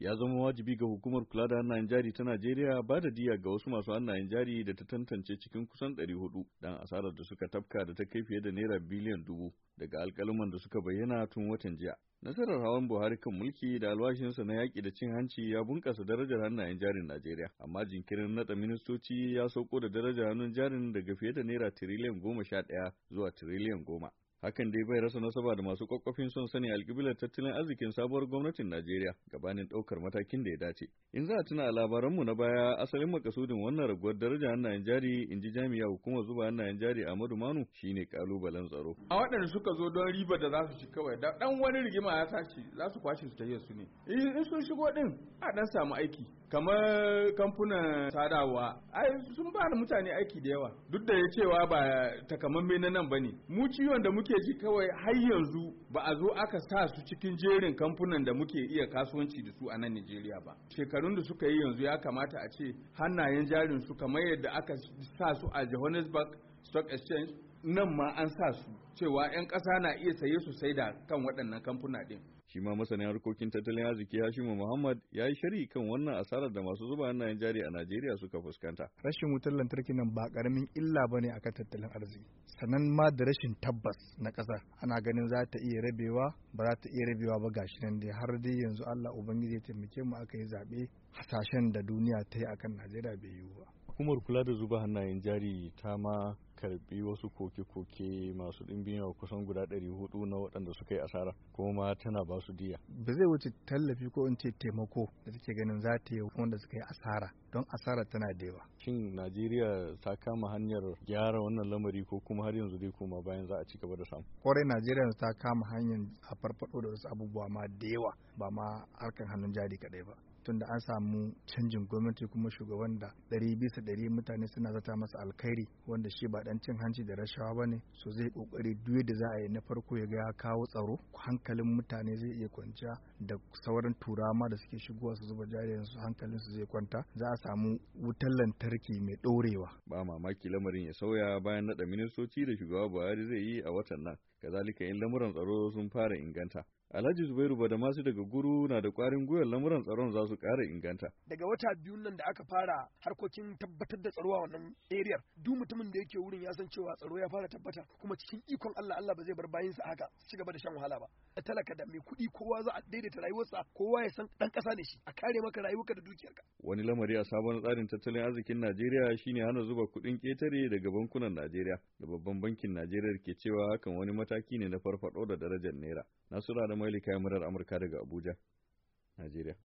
ya zama wajibi ga hukumar kula da hannayen jari ta Najeriya ba da diya ga wasu masu hannayen jari da ta tantance cikin kusan 400 dan asarar da suka tafka da ta kai fiye da naira biliyan dubu daga alkaluman da suka bayyana tun watan jiya. Nasarar hawan Buhari kan mulki da alwashinsa na yaƙi da cin hanci ya bunƙasa darajar hannayen jarin Najeriya, amma jinkirin naɗa ministoci ya sauko da darajar hannun jarin daga fiye da naira tiriliyan goma sha ɗaya zuwa tiriliyan goma. Hakan dai bai rasa nasaba da masu kwakwafin son sani alƙiblar tattalin arzikin sabuwar gwamnatin Najeriya gabanin ɗaukar matakin da ya dace. In za a tuna a labaranmu na baya asalin makasudin wannan raguwar daraja hannayen jari in ji jami'a hukumar zuba hannayen jari a Manu shine kalubalen tsaro. A waɗanda suka zo don riba da za su ci kawai da ɗan wani rigima ya sace za su kwashe su ta su ne. In sun shigo ɗin a ɗan samu aiki kamar kamfunan sadawa ai sun ba da mutane aiki da yawa duk da ya cewa ba takamamme na nan bane mu ciwon da muke ji kawai har yanzu ba a zo aka sa su cikin jerin kamfunan da muke iya kasuwanci da su a nan Najeriya ba shekarun da suka yi yanzu ya kamata a ce hannayen jarin su kamar yadda aka sa su a Johannesburg Stock Exchange nan ma an sa su cewa 'yan ƙasa na iya saye su sai da kan waɗannan kamfuna ɗin. Shi ma masanin harkokin tattalin arziki Hashimu Muhammad ya yi shari kan wannan asarar da masu zuba hannayen jari a Najeriya suka fuskanta. Rashin wutar lantarki nan ba ƙaramin illa ba ne a kan tattalin arziki. Sannan ma da rashin tabbas na ƙasa. ana ganin za ta iya rabewa ba za ta iya rabewa ba gashi nan dai har dai yanzu Allah Ubangiji ya taimake mu aka yi zaɓe hasashen da duniya ta yi a kan Najeriya bai yiwu ba. Hukumar kula da zuba hannayen jari ta ma karbi wasu koke-koke masu ɗimbin yawa kusan guda 400 na waɗanda suka yi asara kuma ma tana ba su diya ba zai wuce tallafi ko in ce taimako da take ganin za ta yi wanda suka yi asara don asara tana da yawa shin najeriya ta kama hanyar gyara wannan lamari ko kuma har yanzu dai kuma bayan za a ci gaba da samu kwarai najeriya ta kama hanyar a farfado da wasu abubuwa ma da yawa ba ma harkar hannun jari kaɗai ba tunda an samu canjin gwamnati kuma shugaban da ɗari bisa ɗari mutane suna zata masa alkhairi wanda shi ba dan cin hanci da rashawa ba ne so zai kokari duk da za a yi na farko ya ga ya kawo tsaro hankalin mutane zai iya kwanciya da sauran turama da suke shigowa su zuba jari su hankalin su zai kwanta za a samu wutar lantarki mai ɗorewa. ba mamaki lamarin ya sauya bayan naɗa ministoci da shugaba buhari zai yi a watan nan kazalika in lamuran tsaro sun fara inganta alhaji zubairu ba da masu daga guru na da ƙwarin gwiwar lamuran tsaron za su ƙara inganta. Daga wata biyu nan da aka fara harkokin tabbatar da tsaro a wannan eriyar duk mutumin da yake wurin ya san cewa tsaro ya fara tabbata kuma cikin ikon Allah Allah ba zai bar bayin haka su ci gaba da shan wahala ba. Da talaka da mai kuɗi kowa za a daidaita rayuwarsa kowa ya san ɗan ƙasa ne shi a kare maka rayuwarka da dukiyarka. Wani lamari a sabon tsarin tattalin arzikin Najeriya shine hana zuba kuɗin ƙetare daga bankunan Najeriya da babban bankin Najeriya ke cewa hakan wani mataki ne na farfaɗo da darajar naira. Nasura da ya Murar Amurka daga Abuja, Najeriya.